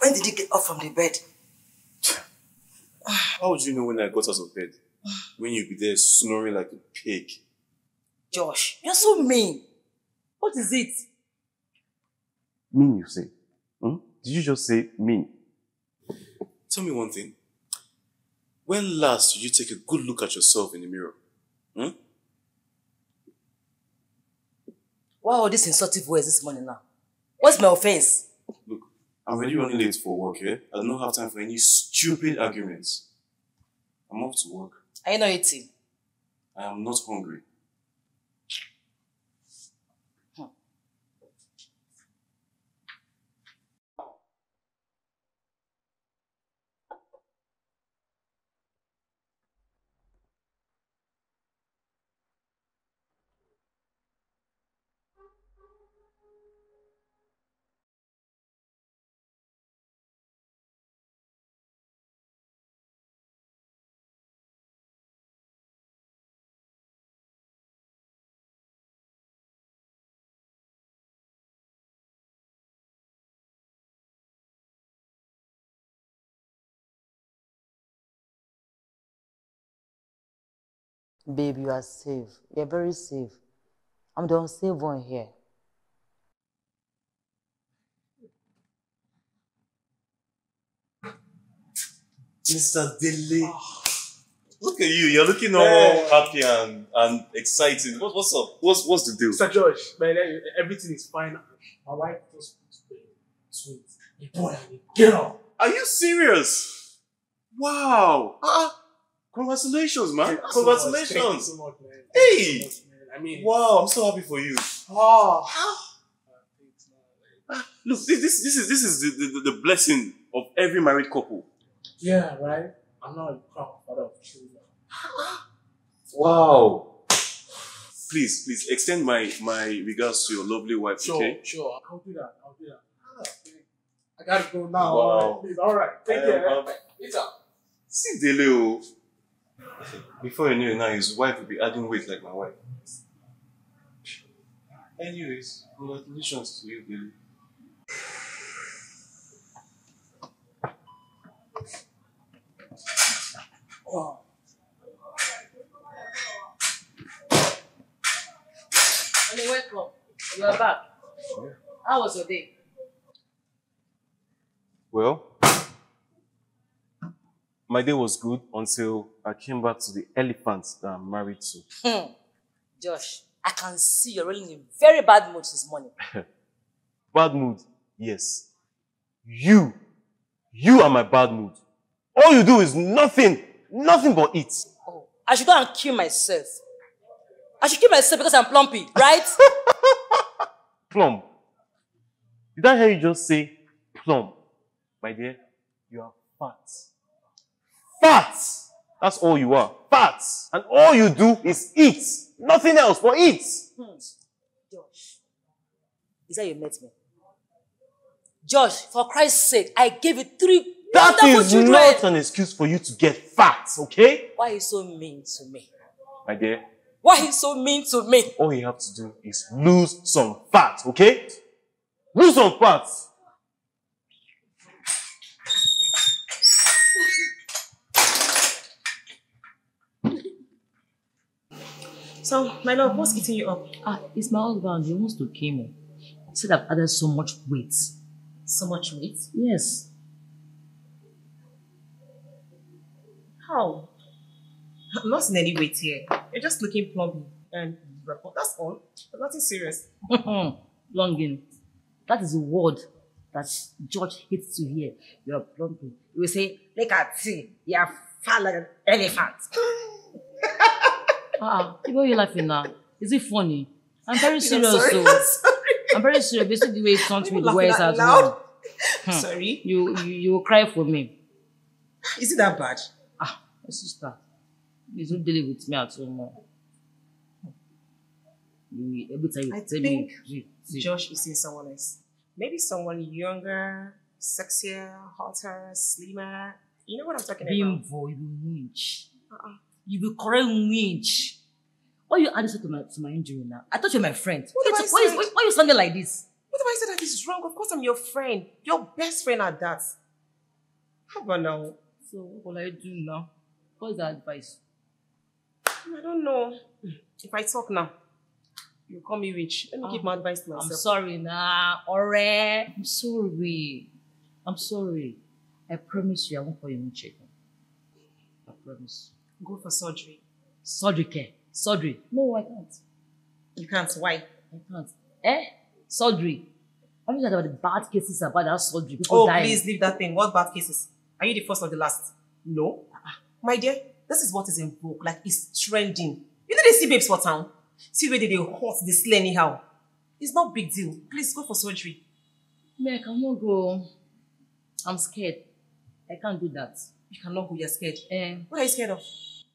When did you get up from the bed? How would you know when I got out of bed? When you'd be there snoring like a pig. Josh, you're so mean. What is it? Mean, you say? Hmm? Did you just say mean? Tell me one thing. When last did you take a good look at yourself in the mirror? Hmm? Why all these insultive words this morning now? What's my offense? Look, I'm already running late for work here. Eh? I don't have time for any stupid arguments. I'm off to work. Are you not eating? I am not hungry. Babe, you are safe. You are very safe. I'm the unsafe one here. Mr. Dilly. Ah. Look at you. You're looking all happy and, and excited. What, what's up? What's, what's the deal? Mr. George, everything is fine. My wife just put sweet. A boy and a girl. Are you serious? Wow. Uh-uh. Congratulations, man. Thank Congratulations. So much, so much, hey. So much, I mean, wow, I'm so happy for you. Oh. Look, this, this, this is this is the, the, the blessing of every married couple. Yeah, right? I'm not a proud father of children. wow. Please, please extend my, my regards to your lovely wife, sure, okay? Sure, I'll do that. I'll do that. Ah, I gotta go now. Wow. All right, please. All right. Take care. Later. See you later. Before I knew it now, his wife would be adding weight like my wife. Anyways, congratulations to you, Billy. Oh. Hello, welcome. You are back. Yeah. How was your day? Well, my day was good until I came back to the elephant that I'm married to. Hmm. Josh, I can see you're really in very bad mood this morning. bad mood? Yes. You. You are my bad mood. All you do is nothing. Nothing but eat. Oh, I should go and kill myself. I should kill myself because I'm plumpy, right? plump. Did I hear you just say plump? My dear, you are fat. Fat! That's all you are. Fats. And all you do is eat. Nothing else but eat. Hmm. Josh, is that you met me? Josh, for Christ's sake, I gave you three That is children. not an excuse for you to get fat, okay? Why are you so mean to me? My dear. Why are you so mean to me? All you have to do is lose some fat, okay? Lose some fat. So, my love, what's eating you up? Ah, it's my husband. He wants to kill me. He said I've added so much weight. So much weight? Yes. How? I'm not in any weight here. You're just looking plumpy and report. That's all. But nothing serious. Longing. That is a word that George hates to hear. You're plumpy. You will say, look at see, You're fat like an elephant. Ah, why are you laughing now? Is it funny? I'm very serious. I'm sorry. I'm, sorry. I'm very serious. Basically, the way it sounds with words as well. Hmm. Sorry. You, you you will cry for me. Is it that bad? Ah, my sister, you don't deal with me at all more. You, every time you I tell think me, see. Josh is seeing someone else. Maybe someone younger, sexier, hotter, slimmer. You know what I'm talking Bimbo, about. Bimbo, you winch. Uh-uh. You be correct me. Why you answer to my, to my injury now? I thought you were my friend. What why, why, why, why you sounding like this? What if I said that is wrong? Of course I'm your friend. Your best friend at that. How about now? So what will I do now? What's the advice? I don't know. If I talk now, you call me witch. Let me oh, keep my ah, advice to myself. I'm sorry nah. Alright. I'm sorry. I'm sorry. I promise you I won't call you witch again. I promise Go for surgery. Surgery care. Surgery. No, I can't. You can't. Why? I can't. Eh? Surgery. Have you heard about the bad cases about that surgery? People oh, dying. please leave that thing. What bad cases? Are you the first or the last? No. My dear, this is what is in vogue. Like, it's trending. You know they see babes for town? See where they, they hot, they slay anyhow. It's not big deal. Please go for surgery. Me, I cannot go. I'm scared. I can't do that. You cannot go, you're scared. Um, what are you scared of?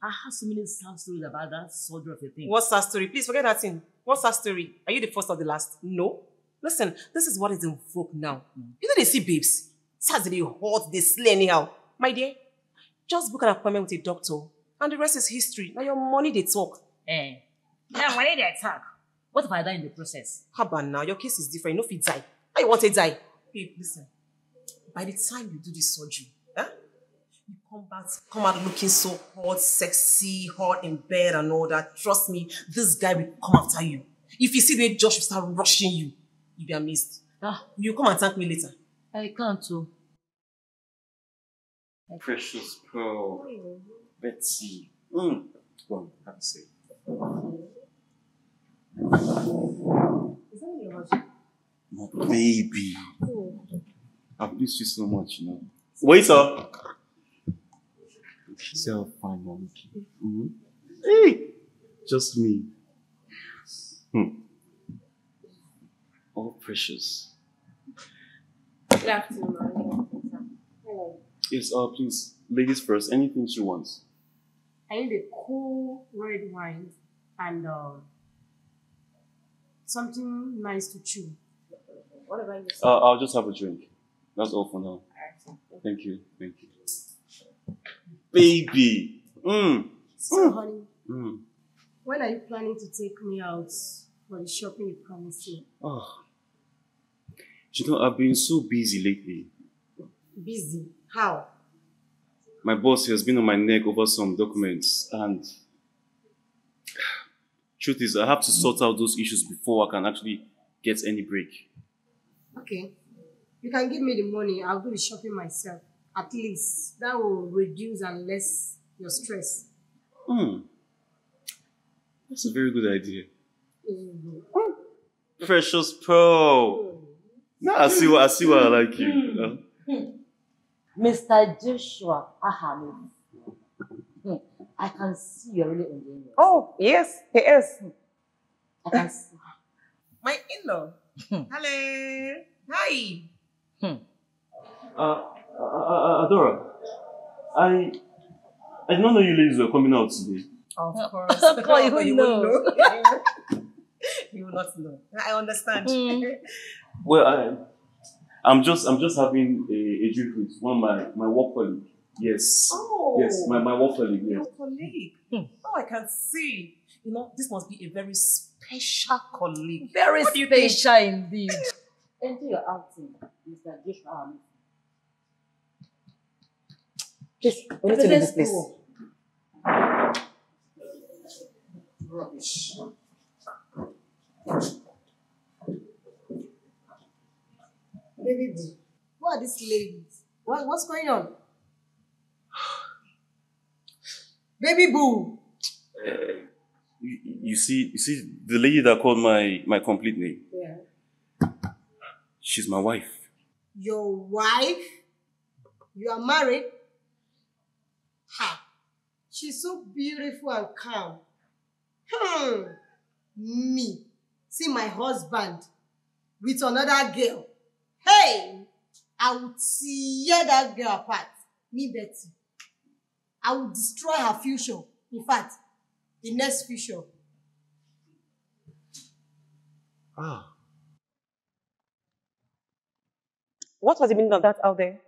I have so many sad stories about that soldier of a thing. What's that story? Please forget that thing. What's that story? Are you the first or the last? No. Listen, this is what is in vogue now. Mm. You know they see babes. Saturday hot, they slay anyhow. My dear, just book an appointment with a doctor and the rest is history. Now your money they talk. Eh. Now money they talk. What if I die in the process? Haba now, your case is different. You know if you die. I want to die. Babe, listen. By the time you do this surgery, come back, come out looking so hot, sexy, hot in bed and all that, trust me, this guy will come after you. If you see the way Josh will start rushing you, you'll be amazed. Ah, you come and thank me later. I can't too. Precious pearl, oh. Betsy. Mm. Go on, have a seat. Is that your husband? My baby. Oh. I've missed you so much, you know. Waiter! self finally. Mm-hmm. Hey, just me. Hmm. All precious. Good afternoon. Hello. Yes, uh, please, ladies first. Anything she wants. I need a cool red wine and uh, something nice to chew. What about you? Uh, I'll just have a drink. That's all for now. Thank you. Thank you baby. Mm. So, mm. honey, mm. when are you planning to take me out for the shopping you promised me? Oh, you know, I've been so busy lately. Busy? How? My boss has been on my neck over some documents and truth is I have to sort out those issues before I can actually get any break. Okay. You can give me the money. I'll do the shopping myself at least that will reduce and less your stress. Hmm. That's a very good idea. Mm. Oh, precious pearl. Now mm-hmm. I see what I see what I like you. Mr. Mm-hmm. Joshua Ahami. Hmm. I can see you're really enjoying it. Oh, yes, he is. I can see. My in-law. Hmm. Hello. Hi. Uh, uh, Adora, I I did not know you ladies were coming out today. Of course. of course, you, know. Will you will not know. I understand. Mm. well, I, I'm just I'm just having a, a drink with one of my my work colleague. Yes. Oh. Yes, my my work colleague. Yes. Your colleague. Hmm. Oh, I can see. You know, this must be a very special colleague. Very what special indeed. Enter your outing, Mr. Joshua. Please, I want to leave this place. Rubbish. David, who are these ladies? What, what's going on? Baby boo. Uh, you, you, see, you see, the lady that called my my complete name. Yeah. She's my wife. Your wife? You are married? She's so beautiful and calm. Hmm. Me, see my husband with another girl. Hey, I will tear that girl apart. Me, Betty. I will destroy her future. In fact, the next future. Ah. What was the meaning of that out there?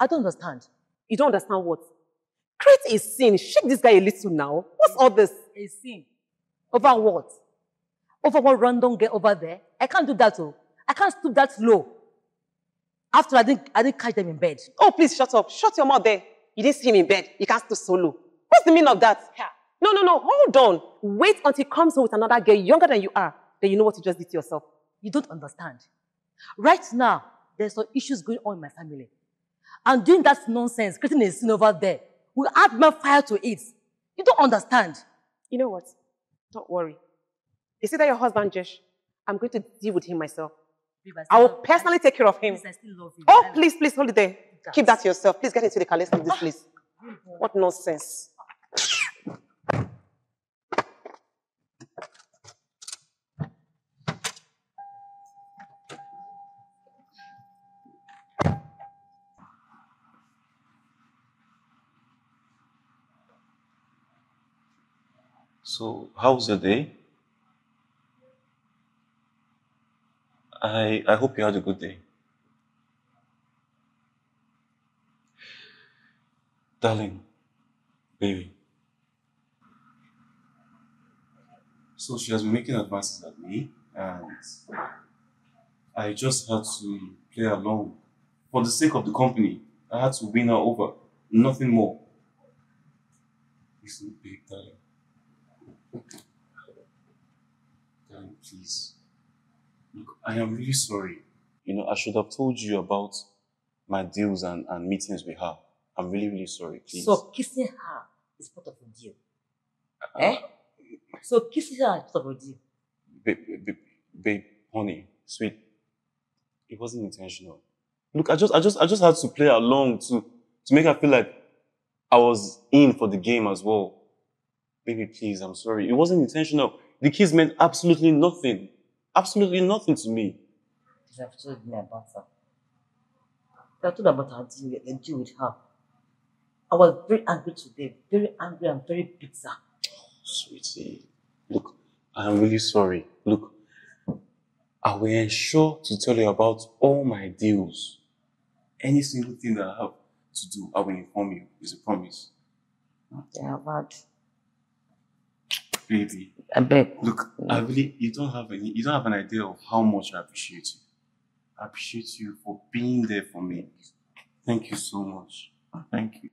I don't understand. You don't understand what? Create a scene. Shake this guy a little now. What's all this? A scene. Over what? Over what random girl over there? I can't do that, oh. I can't stoop that low. After I didn't, I didn't catch them in bed. Oh, please shut up. Shut your mouth there. You didn't see him in bed. You can't stoop so low. What's the meaning of that? Yeah. No, no, no. Hold on. Wait until he comes home with another girl younger than you are. Then you know what you just did to yourself. You don't understand. Right now, there's some issues going on in my family. I'm doing that nonsense, creating a scene over there will add more fire to it. You don't understand. You know what? Don't worry. You see that your husband, Josh, I'm going to deal with him myself. I will personally take care of him. Please, him. Oh, please, please, hold it there. Keep that to yourself. Please get into the calisthenics, ah. please. What nonsense. So, how's the day? I, I hope you had a good day. Darling, baby. So she has been making advances at me, and I just had to play along. For the sake of the company, I had to win her over, nothing more. Listen, big darling. Darling, please. Look, I am really sorry. You know, I should have told you about my deals and, and meetings with her. I'm really, really sorry, please. So kissing her is part of a deal. Uh, eh? So kissing her is part of a deal. Babe, babe, babe, honey, sweet. It wasn't intentional. Look, I just I just I just had to play along to to make her feel like I was in for the game as well baby, please, I'm sorry. It wasn't intentional. The kiss meant absolutely nothing. Absolutely nothing to me. Because I've told me about her. I told about her deal The deal with her. I was very angry today, very angry and very bitter. Oh, sweetie, look, I'm really sorry. Look, I will ensure to tell you about all my deals. Any single thing that I have to do, I will inform you. It's a promise. Okay, i am bad. Baby. I bet. Look, I really you don't have any you don't have an idea of how much I appreciate you. I appreciate you for being there for me. Thank you so much. Thank you.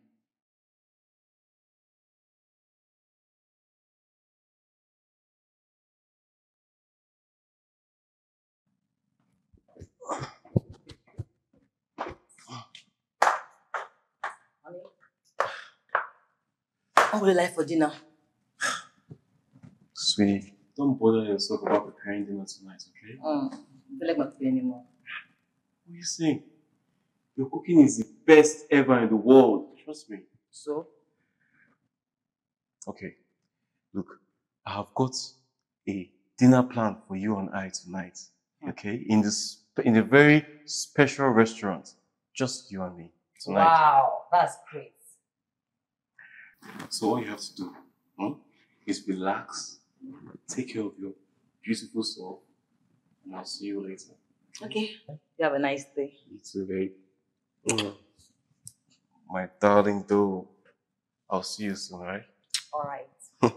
What you like for dinner? sweetie. Don't bother yourself about preparing dinner tonight, okay? Mm. I not like my food anymore. What are you saying? Your cooking is the best ever in the world. Trust me. So? Okay. Look, I have got a dinner plan for you and I tonight. Hmm. Okay? In this in a very special restaurant. Just you and me tonight. Wow, that's great. So all you have to do hmm, is relax Take care of your beautiful soul. And I'll see you later. Okay. You have a nice day. You too, babe. Mm. My darling though, I'll see you soon, right? All right.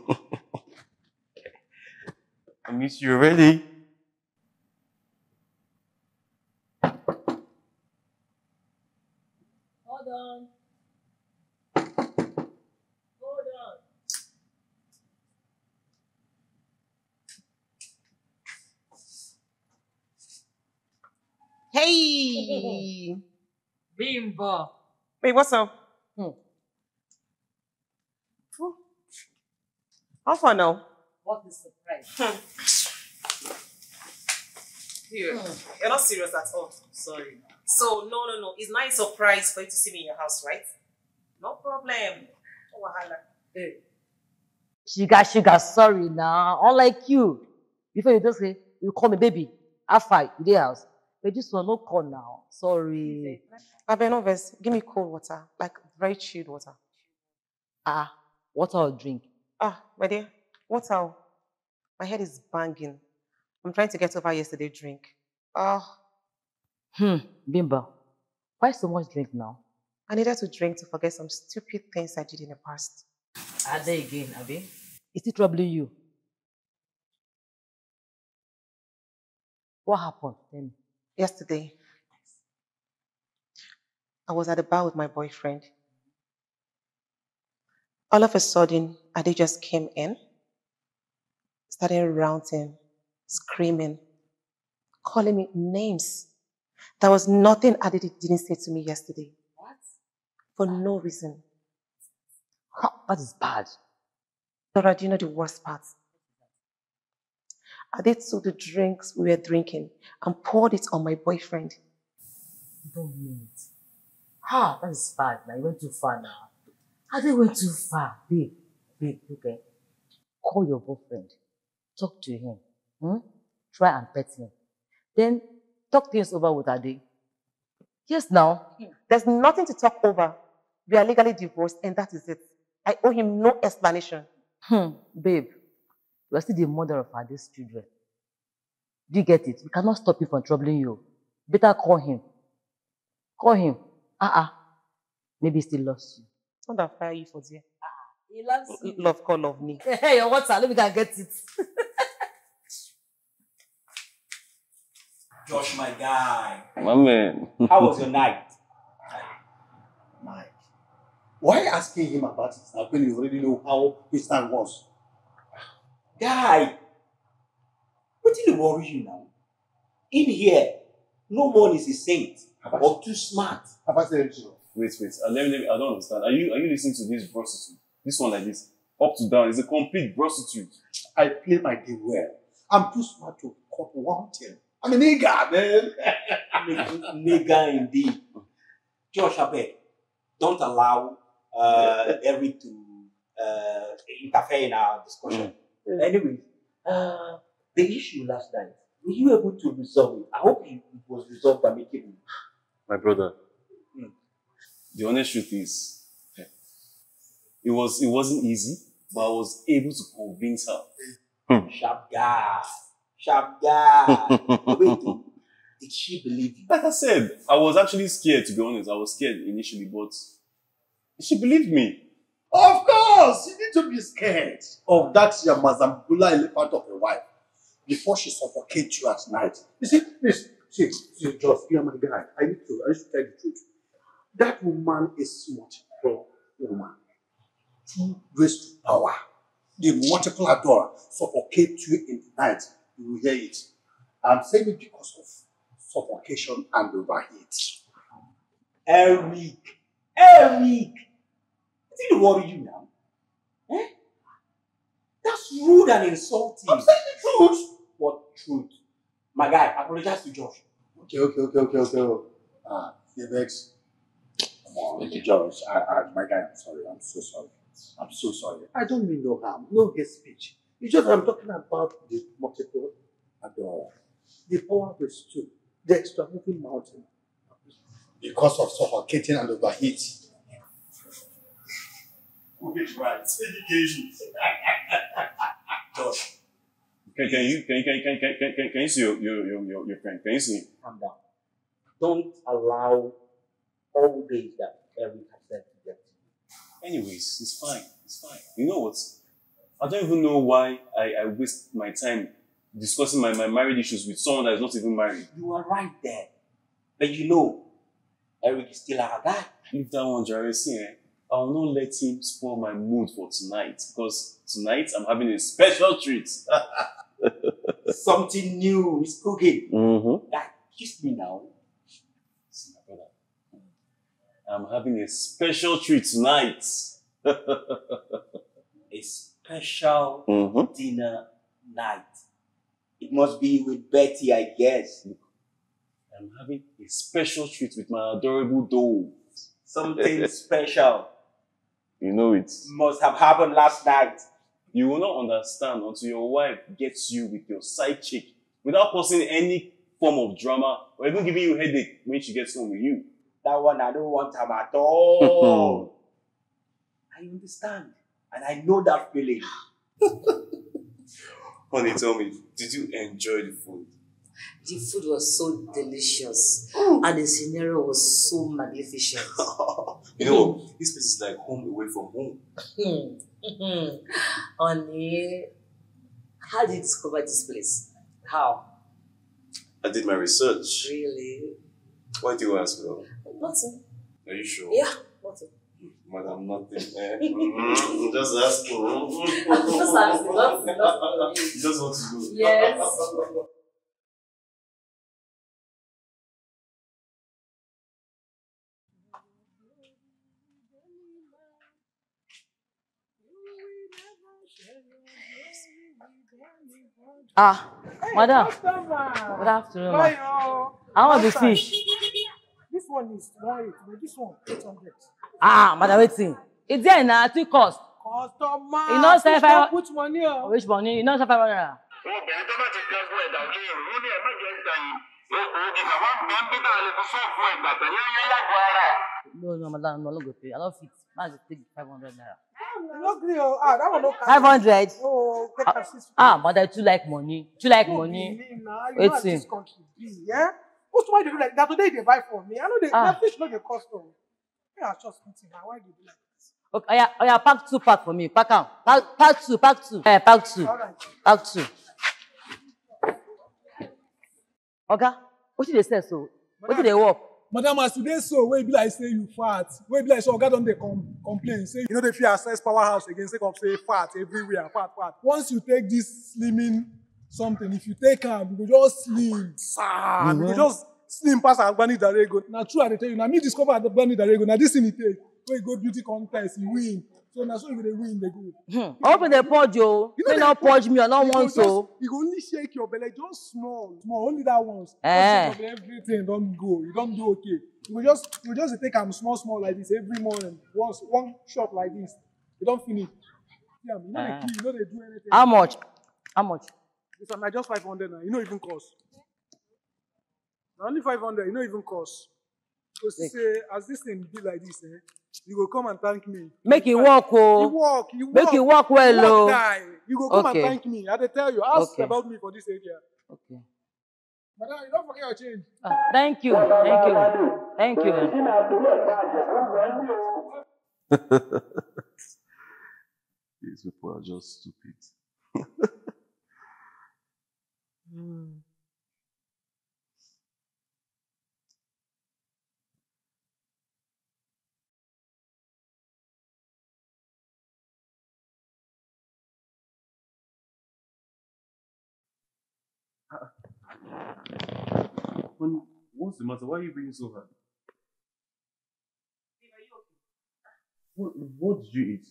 I miss you already. Kimber. Wait, what's up? Hmm. How far now? What is the price? Hmm. Hmm. You're not serious at all. Sorry. So, no, no, no. It's not a surprise for you to see me in your house, right? No problem. No wahala. Hey. Sugar, sugar, sorry now. Nah. Unlike you. Before you just say, you call me baby. fight you the house. But this one, no call now. Sorry. I've been nervous. Give me cold water, like very chilled water. Ah, water or drink? Ah, my dear, water. My head is banging. I'm trying to get over yesterday drink. Ah. hmm, Bimba, why so much drink now? I needed to drink to forget some stupid things I did in the past. Are they again, Abby? Is it troubling you? What happened then? Yesterday, I was at a bar with my boyfriend. All of a sudden, Ade just came in, started ranting, screaming, calling me names. There was nothing Ade didn't say to me yesterday. What? For no reason. That is bad. Laura, do you know the worst part? Ade took the drinks we were drinking and poured it on my boyfriend. Don't mean it. Ah, that is bad. Now you went too far now. I think went too far. Babe, babe, okay. Eh. Call your boyfriend. Talk to him. Hmm? Try and pet him. Then talk things over with Ade. Yes, now. Hmm. There's nothing to talk over. We are legally divorced and that is it. I owe him no explanation. Hmm, babe. You are still the mother of Ade's children. Do you get it? We cannot stop him from troubling you. Better call him. Call him. Ah, uh Maybe he still loves you. Not that fire you for there? Ah, he loves you. Love call love me. Hey, your water, let me go and get it. Josh, my guy. My man. How was your night? Night. Why asking him about it now when you already know how his time was? Guy, what did worry you now? In here, No one is a saint i or too smart. Wait, wait. Uh, let me, let me, I don't understand. Are you are you listening to this prostitute? This one like this, up to down, is a complete prostitute. I play my game well. I'm too smart to cut one tail. I'm a nigga, man. nigga indeed. Josh Abed, don't allow uh, to uh, interfere in our discussion. Mm. Anyway, uh, the issue last night were you able to resolve it? I hope it was resolved by amicably. My brother, mm. the honest truth is, eh, it was it wasn't easy, but I was able to convince her. Hmm. Sharp guy, sharp guy. Wait, did she believe you? Like I said, I was actually scared. To be honest, I was scared initially, but she believed me. Of course, you need to be scared of that Yamazambula Mazambula elephant of a wife before she suffocates you at night. You see, please, see, see George, you're my guy. I need to, I need to tell the truth. That woman is smart, poor woman. true grace to power. The multiple adorer suffocates you in the night. You will hear it. I'm saying it because of suffocation and overheat. Eric, Eric, it didn't worry you now. Eh? That's rude and insulting. I'm saying the truth truth. My guy, apologize to Josh. Okay, okay, okay, okay, okay. Ah, Febex. Come on, okay. Josh. I, ah, I, ah, my guy, I'm sorry. I'm so sorry. I'm so sorry. I don't mean no harm, no hate speech. It's just I'm talking about the multiple Adora, uh, the power of stew, the extra moving mountain. Because of suffocating and overheat. Josh, can, can you can, can, can, can, can, can you see your, your, your, your friend? Can you see him? Calm down. Don't allow all days that every person to get to you. Anyways, it's fine. It's fine. You know what? I don't even know why I, I waste my time discussing my, my marriage issues with someone that is not even married. You are right there. But you know, Eric is still our guy. Leave that one, Jarvis. Eh? I will not let him spoil my mood for tonight because tonight I'm having a special treat. something new is cooking. Mm-hmm. That kiss me now. I'm having a special treat tonight. a special mm-hmm. dinner night. It must be with Betty, I guess. I'm having a special treat with my adorable doll. Something special. You know it. Must have happened last night. You will not understand until your wife gets you with your side chick without causing any form of drama or even giving you headache when she gets home with you. That one, I don't want her at all. I understand. And I know that feeling. Honey, tell me, did you enjoy the food? The food was so delicious. And the scenario was so magnificent. you know, this place is like home away from home. Hmm. Honey, how did you discover this place? How? I did my research. Really? Why do you ask though? Nothing. Are you sure? Yeah, nothing. Madam, nothing. Eh? Mm-hmm. just ask. Just ask. Just want to do. Yes. Ah, madam. Good afternoon. Bye, oh. I want the fish. This one is 180, but this one 800. Ah, madam, waiting. It's there now, Two cost. Customer. You know, sir, if I put money. Oh. oh. Which money? You know, sir, 500. Obìnrin tó No, no, madam, no, no, go pay. I don't fit. Now you take five hundred naira. No gree oh. Ah, that one no Five hundred. Oh, take ah, six. Ah, mother, too like money. Too like no, money. nah. You Wait know this country busy, yeah? Most why they do like that today they buy for me. I know they ah. fish no dey cost o. Oh. Me I just eating na why you do like this. Okay, oya oya pack two pack for me. Pack am. Pack pack two pack two. Eh, pack two. Pack two. Okay. What did they say so? What did they work? madam as you dey so wey be like say you fat wey be like say oga don dey com complain say you no dey fit access powerhouse again sake of say fat everywhere fat fat once you take this slimming something if you take am you go just slim saa mm -hmm. you go just slim pass agbani darego na true i dey tell you na me discover agbani darego na this thing he take wey go beauty contest he win So now so you dey win the game. Hmm. Open the purge o. Oh. You no know purge me, I no want so. You go only shake your belly just small, small, only that once. Eh. everything don't go, you don't do okay. You go just you just take am small small like this every morning. Once one shot like this, you don't finish. Yeah, you no dey eh. kill, you know they do anything. How much? How much? This one just five hundred na, e no even cost. only five hundred, e no even cost. Because say as this thing be like this, eh? you go come and thank me. Make it walk, oh. You walk, you walk. Make it walk well, oh. You go come okay. and thank me. I dey tell you, ask okay. about me for this area. Okay. Madam, you don't forget your change. Ah, thank you, thank you, thank you. These people are just stupid. mm. Honey, what's the matter? Why are you being so hard? What, what did you eat?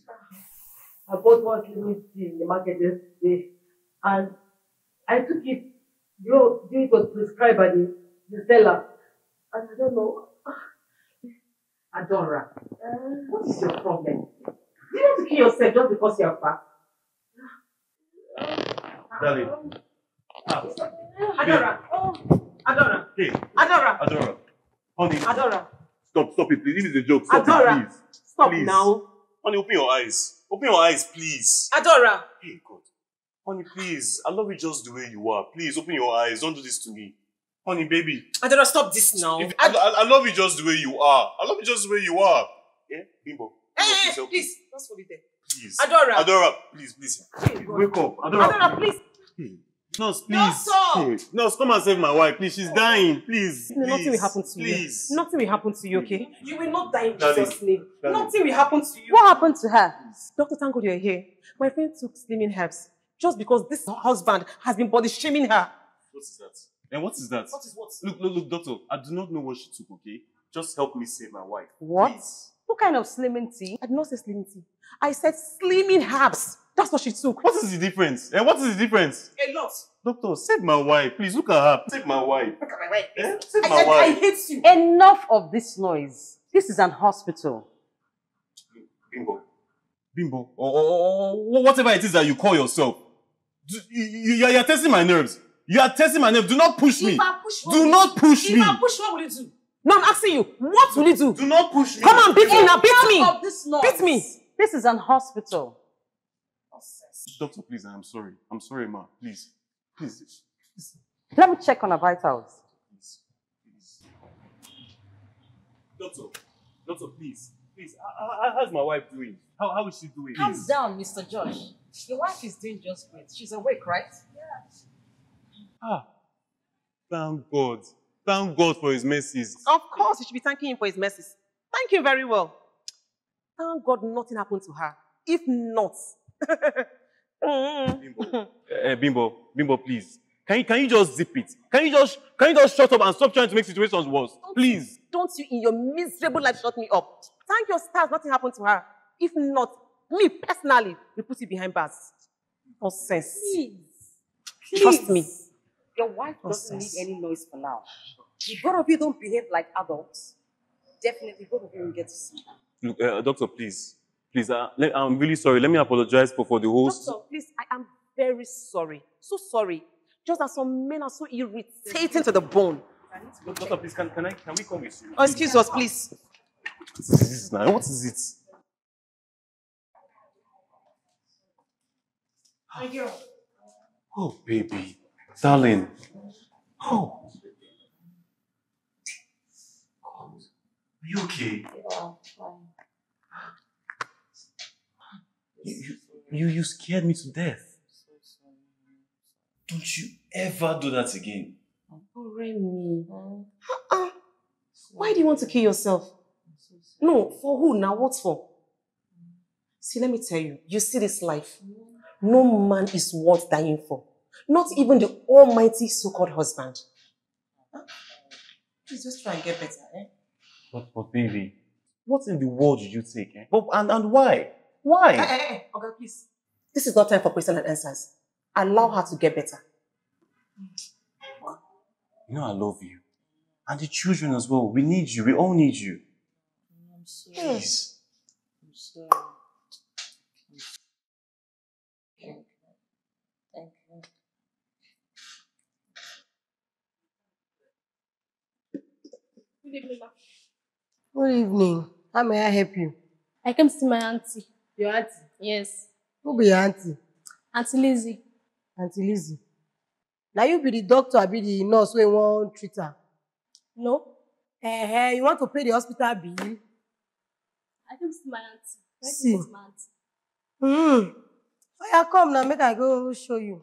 I bought one kidney in the market yesterday and I took it. You know, it was prescribed by the, the seller. And I don't know. Adora, uh, what is your problem? Do You want to kill yourself just because you are fat. Darling, Oh. Adora. Oh. Adora. Hey. Adora. Adora. Honey. Adora. Stop, stop it, please. This is a joke. Stop Adora. it, please. Stop please. now. Honey, open your eyes. Open your eyes, please. Adora. Hey, God. Honey, please. I love you just the way you are. Please, open your eyes. Don't do this to me. Honey, baby. Adora, stop this now. If, Ad I, I love you just the way you are. I love you just the way you are. Yeah? Bimbo. Hey, please, please. Don't hold it there. Please. Adora. Adora, please, please. Hey, Wake up. Adora. Adora, please. Hey. Hmm. Nurse, please. No, Nurse, come and save my wife, please. She's dying, please. No, nothing will happen to please. you. Nothing will happen to you, okay? You will not die in that Jesus' name. Nothing will happen to you. What happened to her? Dr. Tango, you're here. My friend took slimming herbs just because this husband has been body shaming her. What is that? And what is that? What is what? Look, look, look, doctor, I do not know what she took, okay? Just help me save my wife. What? Please. What kind of slimming tea? I did not say slimming tea. I said slimming herbs. That's what she took. What is the difference? And eh, what is the difference? A lot. Doctor, save my wife. Please look at her. Save my wife. Look at my wife. Eh? Save I, my I, wife. I hate you. Enough of this noise. This is an hospital. Bimbo. Bimbo. Or, or, or whatever it is that you call yourself. Do, you, you, you are testing my nerves. You are testing my nerves. Do not push if me. I push, do not push if me. If I push, what will you do? No, I'm asking you. What will you do? Do not push me. Come on, beat me now. Beat me. Beat me. This is an hospital. Doctor, please, I am sorry. I'm sorry, ma. Please. Please. please. Let me check on her vitals. Please. Please. Doctor. Doctor, please. Please. How's my wife doing? How, how is she doing? Calm please. down, Mr. Josh. Your wife is doing just great. She's awake, right? Yeah. Ah. Thank God. Thank God for his mercies. Of course, you should be thanking him for his mercies. Thank you very well. Thank God nothing happened to her. If not, Mm-hmm. Bimbo. Uh, Bimbo, Bimbo, please. Can you, can you just zip it? Can you just can you just shut up and stop trying to make situations worse? Don't, please. Don't you in your miserable life shut me up. Thank your stars nothing happened to her. If not, me personally, we put you behind bars. Nonsense. Please. please. Trust me. Your wife doesn't need any noise for now. If both of you don't behave like adults, definitely both of you will get to see her. Look, uh, doctor, please. Please, uh, I, am really sorry. Let me apologize for, for the host. Doctor, please, I am very sorry. So sorry. Just that some men are so irritating to the bone. doctor, please, can, can, I, can we come with you? Oh, excuse us, please. What is this now? What is it? Thank you. Oh, baby. Darling. Oh. Are you okay? Yeah, fine. You, you, you scared me to death. Don't you ever do that again. Oh, Remy. uh Why do you want to kill yourself? No, for who now? What for? See, let me tell you. You see this life. No man is worth dying for. Not even the almighty so-called husband. Please just try and get better, eh? But, but baby, what in the world did you take, eh? But, and, and why? Why? Hey, eh, eh, hey, eh, hey. Okay, please. This is not time for questions and answers. Allow her to get better. You know I love you. And the children as well. We need you. We all need you. I'm sorry. Please. I'm sorry. Good evening, Good evening. How may I help you? I came to see my auntie. Your auntie? Yes. Who be your auntie? Auntie Lizzie. Auntie Lizzie. Now you be the doctor be the nurse wey wan treat her? No. Eh uh -huh. you want to pay the hospital bill? I think it's my auntie. I think See. it's my auntie. Mm. Oya come now, make I go show you.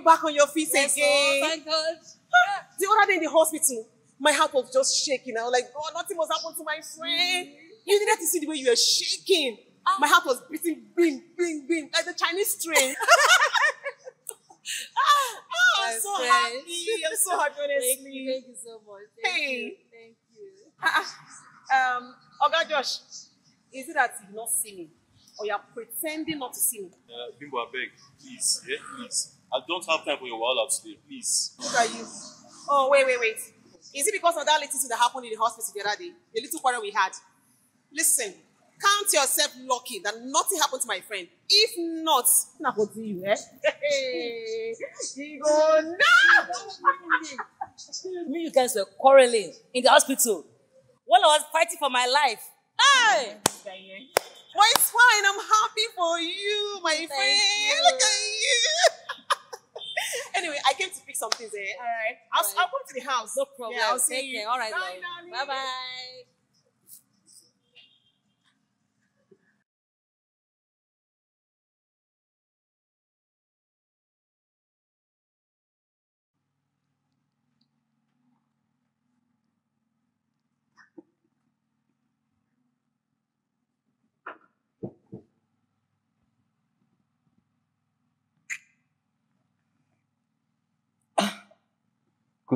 you back on your feet yes, oh, again. Oh, thank God. the other day in the hospital, my heart was just shaking. I was like, God, nothing was happened to my friend. Mm -hmm. You needed to see the way you were shaking. Ah. My heart was beating, bing, bing, bing, like the Chinese train. ah, I'm so friend. happy. I'm so happy, honestly. thank, you, thank you so much. Thank hey. You. Thank you. Ah, ah. um, Oga Josh, is it that you've not seen me? or you are pretending not to see me. Uh, Bimbo, I beg, please, yeah, please. I don't have time for your wild today, please. Look at you. Oh, wait, wait, wait. Is it because of that little thing that happened in the hospital the other day? The little quarrel we had? Listen, count yourself lucky that nothing happened to my friend. If not, not going to you, eh? hey. Oh, no! Me, you guys were quarreling in the hospital while I was fighting for my life. Hey! it's swine, I'm happy for you, my Thank friend. You. Look at you. anyway, I came to pick some things. Eh? All right. I'll, right. I'll come to the house. No problem. Yeah, I'll see Take you. All right. bye. bye.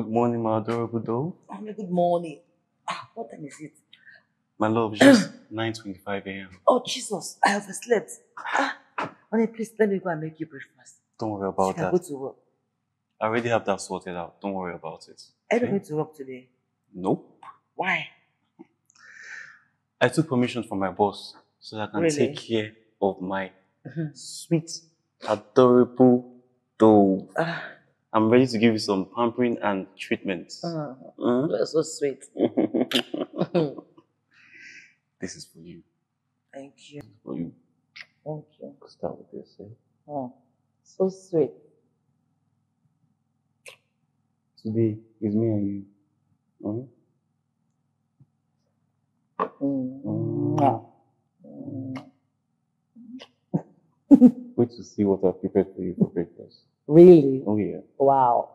Good morning, my adorable doll. I oh, good morning. Ah, what time is it? My love, just 9.25 a.m. Oh, Jesus, I overslept. Ah, honey, please let me go and make you breakfast. Don't worry about that. I go to work. I already have that sorted out. Don't worry about it. I don't need to work today. Nope. Why? I took permission from my boss so that I can really? take care of my mm-hmm. sweet, adorable doll. Ah. I'm ready to give you some pampering and treatment. Mm. Ah, You're so sweet. this is for you. Thank you. for you. Thank you. Start with this. Eh? Oh, so sweet. Today is me and you. Mm? Mm. Mm. Wait to see what I've prepared for you for breakfast. Really? Oh yeah. Wow.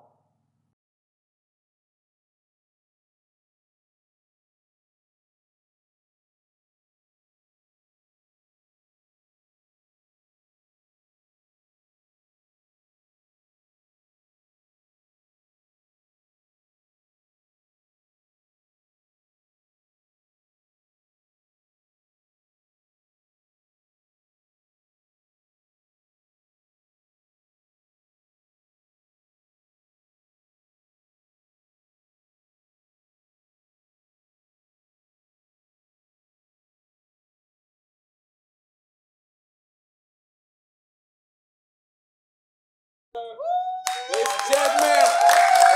Ladies and that's right,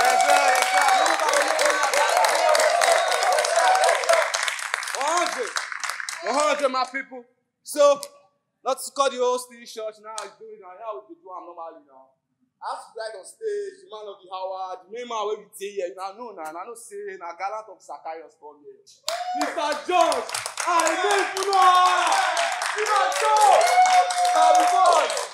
that's right. 100, 100, my people. So, let's call the whole steel church now. It's doing now. How we do it normally now. I have on stage, the man of the hour, the main man wey be dey here. Una know na, una know say na gallant of Zacharias come here. Mr. George, I make una! Mr. George, na the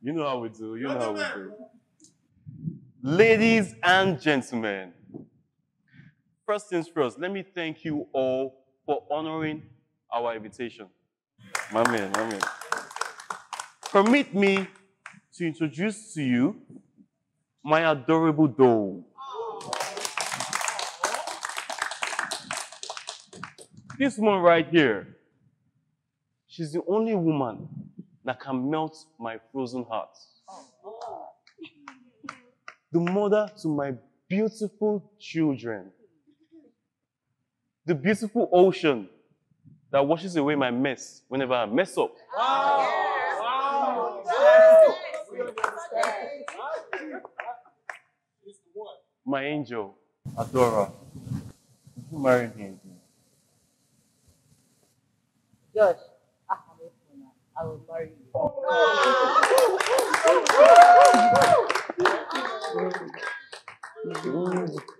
You know how we do. You know how we do. Ladies and gentlemen, first things first, let me thank you all for honoring our invitation. My man, my man. Permit me to introduce to you my adorable doll. This one right here She's the only woman that can melt my frozen heart. The mother to my beautiful children. The beautiful ocean that washes away my mess whenever I mess up. My angel, Adora, you marry me again? I will marry you. Wow.